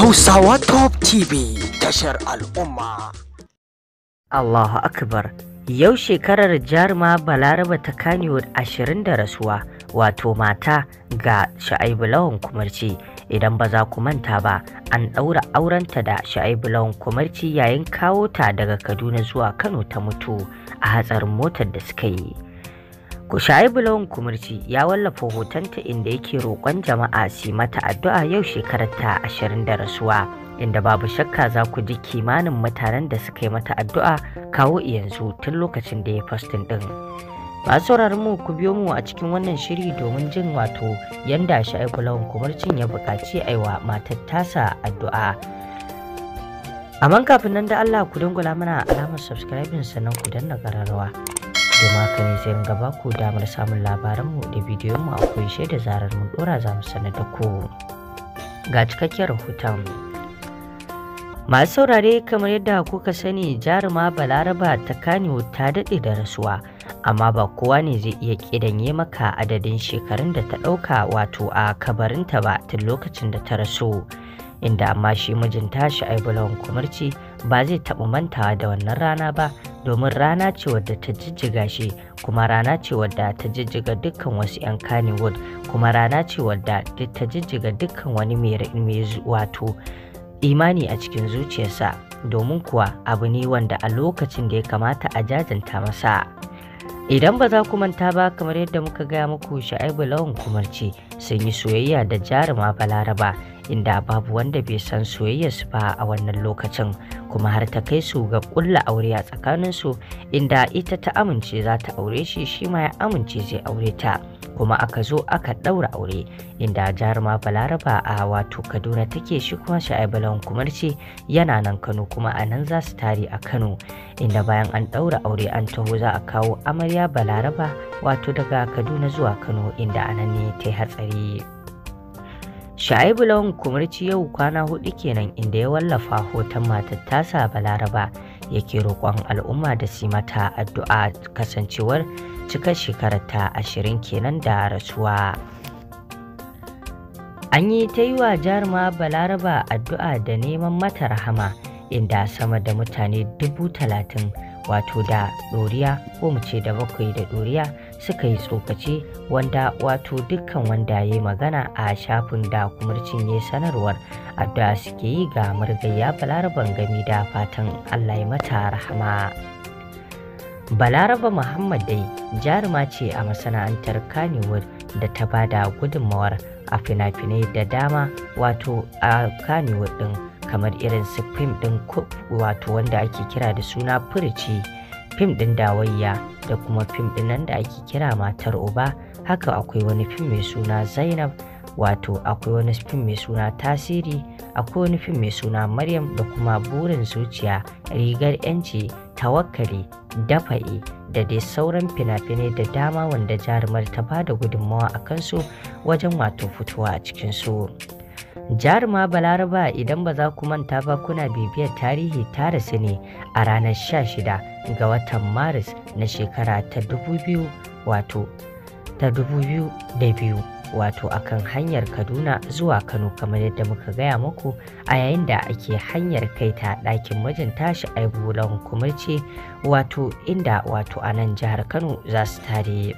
Hausawa Top TV tashar al'umma. Allahu Akbar yau shekarar jaruma balaraba ta Kannywood ashirin da rasuwa wato mata ga sha'aibu lawan kumarci idan ba za ku manta ba an ɗaura aurenta da sha'aibu lawan kumarci yayin kawo ta daga Kaduna zuwa Kano ta mutu a hatsarin motar da suka yi. Ku Kushayi Bulon Kumurci ya wallafa hotonta inda yake roƙon jama'a su mata addu'a yau shekarar ta ashirin da rasuwa. Inda babu shakka za ku ji kimanin mutanen da suka yi mata addu'a kawo yanzu tun lokacin da ya fastin ɗin. Masu mu ku biyo mu a cikin wannan shiri domin jin wato yanda shayi Lawan Kumurcin ya buƙaci aiwa matar tasa addu'a. Amma kafin nan da Allah ku dangula mana alamar subscribing sannan ku danna ƙararrawa. domin haka ne sai ga baku damar samun labaranmu da bidiyonmu a kunshe da zarar mun dora za mu sanar da ku ga cikakken rahoton masu saurare kamar yadda kuka sani jaruma balaraba ta kaniwo ta daɗe da rasuwa amma ba kowa ne zai iya ƙidanye maka adadin shekarun da ta ɗauka wato a kabarinta ba tun lokacin da ta rasu inda amma shi mijinta shi aibulan kumarci ba zai taɓa mantawa da wannan rana ba domin rana ce wadda ta jijjiga shi kuma rana ce wadda ta jijjiga dukkan wasu 'yan Kannywood kuma rana ce wadda ta jijjiga dukkan wani mai wato imani a cikin zuciyarsa domin kuwa abu ne wanda a lokacin da ya kamata a jajanta masa idan ba za ku manta ba kamar yadda muka gaya muku sha'ibu lawan kumarci sun yi soyayya da jaruma balaraba inda babu wanda bai san soyayyarsu ba a wannan lokacin kuma har ta kai su ga kulla aure a tsakaninsu inda ita ta amince za ta aure shi shi ma ya amince zai aure ta kuma aka zo aka ɗaura aure inda jaruma balaraba a wato kaduna take shi kuma sha'ibalan kumarci yana nan kano kuma a nan za su tare a kano inda bayan an ɗaura aure an taho za a kawo amarya balaraba wato daga kaduna zuwa kano inda anan ne ta yi hatsari Sha'ibu Lawan Kumarci yau kwana hudu kenan inda ya wallafa hoton matar tasa Balaraba yake roƙon al'umma da su mata addu'a kasancewar cika shekarar ta ashirin kenan da rasuwa. An yi ta yi wa jaruma Balaraba addu'a da neman mata rahama inda sama da mutane dubu talatin wato da ɗoriya ko mu ce da bakwai da ɗoriya suka yi tsokaci wanda wato dukkan wanda ya yi magana a shafin da kumurcin ya sanarwar addu'a suke yi ga murgayya balaraban gami da fatan allah ya mata rahama balaraba muhammad dai jaruma ce a masana'antar kanewar da ta ba da gudunmawar a fina-finai da dama wato a kanewar din kamar irin su fim din wato wanda ake kira da suna furici fim ɗin dawayya da kuma fim ɗinan da ake kira matar uba haka akwai wani fim mai suna zainab wato akwai wani fim mai suna tasiri akwai wani fim mai suna maryam da kuma burin zuciya rigar yanci tawakkali dafa'i da dai sauran fina-finai da dama wanda jarumar ta ba da gudunmawa a kansu wajen wato fitowa a cikin cikinsu. jaruma balaraba idan ba za ku manta ba kuna bibiyar tarihi ta rasu ne a ranar 16 ga watan maris na shekara ta 2000 wato ta 2002 a kan hanyar kaduna zuwa kano kamar yadda muka gaya muku a yayin da ake hanyar kai ta ɗakin mijin tashi aibulan ce wato inda wato a nan jihar kano za su tare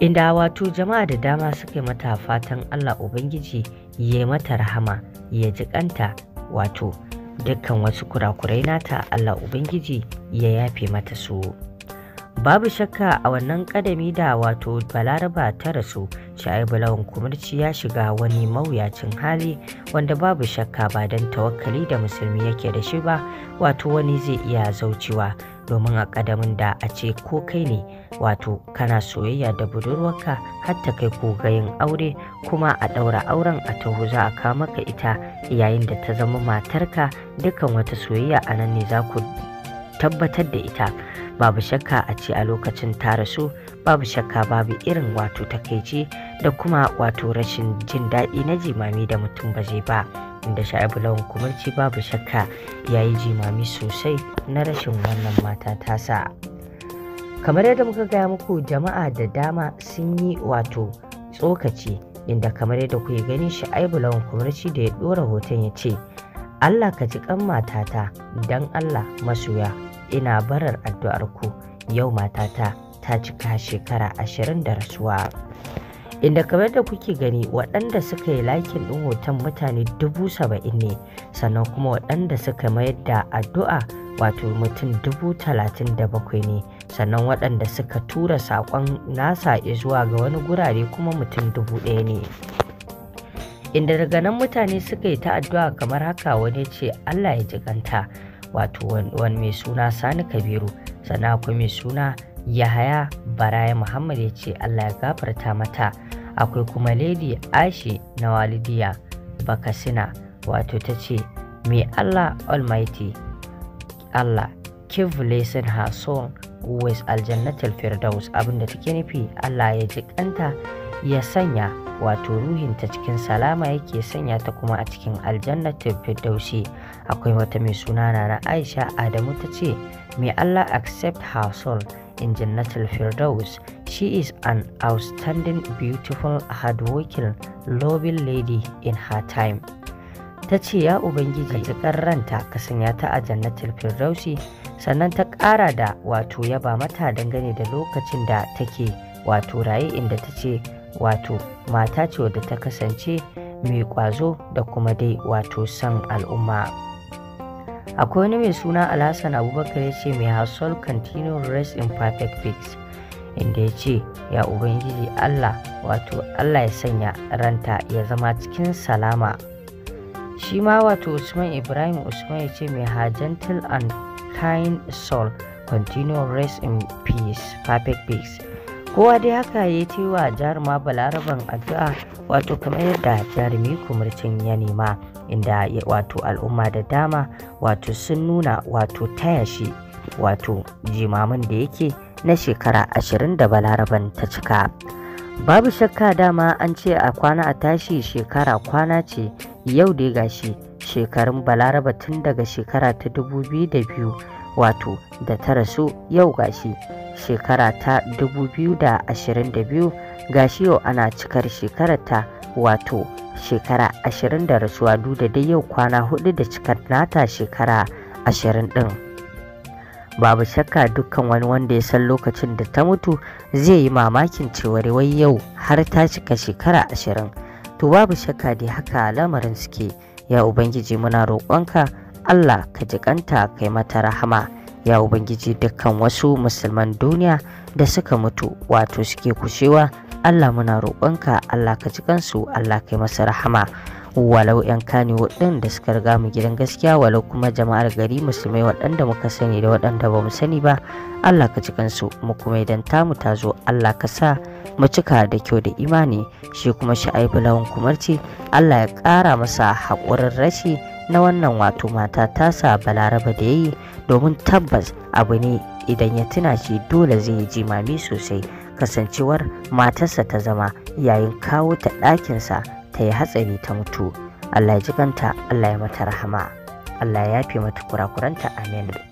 inda wato jama'a da dama suka mata fatan Allah Ubangiji ya mata rahama ya ji kanta wato dukkan wasu kurakurai nata Allah Ubangiji ya yafe mata su. Babu shakka a wannan kadami da wato balaraba ta rasu Shaibu Lawan Kumurci ya shiga wani mawuyacin hali wanda babu shakka ba don tawakkali da musulmi yake da shi ba wato wani zai iya zaucewa domin a ƙadamin da a ce ko kai ne wato kana soyayya da budurwarka har ta kai kogayen aure kuma a ɗaura auren a taho za a kawo maka ita yayin da ta zama matarka dukkan wata soyayya a nan ne za ku tabbatar da ita babu shakka a ce a lokacin ta rasu babu shakka babu irin wato takaici da kuma wato rashin jin daɗi na jimami da mutum ba zai ba inda sha'ibu lawan kumarci babu shakka ya yi jimami sosai na rashin wannan mata tasa kamar yadda muka gaya muku jama'a da dama sun yi wato tsokaci inda kamar yadda kuyi gani sha'ibu lawan kumarci da ya ɗora hoton ya ce Allah ka ji kan matata don Allah masoya ina barar addu'ar ku yau matata ta cika shekara ashirin da rasuwa. inda kamar da kuke gani waɗanda suka yi lakin ɗin hoton mutane dubu saba'in ne sannan kuma waɗanda suka mayar da addu'a wato mutum dubu talatin da bakwai ne sannan waɗanda suka tura saƙon nasa zuwa ga wani gurare kuma mutum dubu ɗaya ne inda daga nan mutane suka yi ta addu'a kamar haka wani ce allah ya jiganta wato wani mai suna sani kabiru sannan akwai mai suna yahaya baraya muhammad ya ce allah ya gafarta mata akwai kuma lady ashi na walidiya bakasina wato ta ce mai allah almighty allah give blessing her soul with aljannatul firdaus abinda take nufi allah ya ji kanta ya sanya wato ruhinta cikin salama yake sanya ta kuma a cikin aljannatin firdausi akwai wata mai suna na aisha adamu ta ce may allah accept her soul in Jannatul Firdaus. She is an outstanding, beautiful, hardworking, loving lady in her time. Ta ce, Ya Ubangiji, ka ranta ka sanya ta a Jannatul Firdausi, sannan ta ƙara da wato yaba mata dangane da lokacin da take wato raye inda ta ce, wato mata ce wadda ta kasance mai ƙwazo da kuma dai wato son al'umma. akwai wani mai suna alhassan abubakar ya ce mai hasol continue rest in perfect peace inda ya ce ya ubangiji allah wato allah ya sanya ranta ya zama cikin salama shi ma wato usman ibrahim usman ya ce mai ha gentle and kind soul continue rest in peace perfect peace kowa dai haka ya ce wa jaruma balaraban addu'a wato kamar yadda jarumi kumurcin ya nema inda wato al'umma da dama wato sun nuna wato taya shi wato jimamin da yake na shekara ashirin da balaraban ta cika babu shakka dama an ce a kwana a tashi shekara kwana ce yau dai gashi shekarun balaraba tun daga shekara ta 2002 wato da ta rasu yau gashi shekara ta 2022 shi yau ana cikar shekara ta wato shekara 20 da rasuwa duk da dai yau kwana hudu da cikar nata shekara 20 din babu shakka dukkan wani wanda ya san lokacin da ta mutu zai yi mamakin cewar wai yau har ta cika shekara 20 to babu shakka dai haka lamarin suke ya ubangiji muna roƙonka Allah ka jikanta kai mata rahama ya ubangiji dukkan wasu musulman duniya da suka mutu wato suke kushewa allah muna roƙonka allah ka ji kansu allah kai masa rahama walau 'yan kane da suka riga mu gidan gaskiya walau kuma jama'ar gari musulmai waɗanda muka sani da waɗanda ba mu sani ba allah ka ci kansu mu kuma idan tamu ta zo allah ka sa mu cika da kyau da imani shi kuma sha'ibu lawan kumarci allah ya ƙara masa haƙurin rashi na wannan wato mata ta sa balaraba da ya yi domin tabbas abu ne idan ya tuna shi dole zai yi jimami sosai kasancewar matarsa ta zama yayin kawo ta ɗakinsa ta yi hatsari ta mutu allah ya jikanta allah ya mata rahama allah ya fi mata kurakuranta amin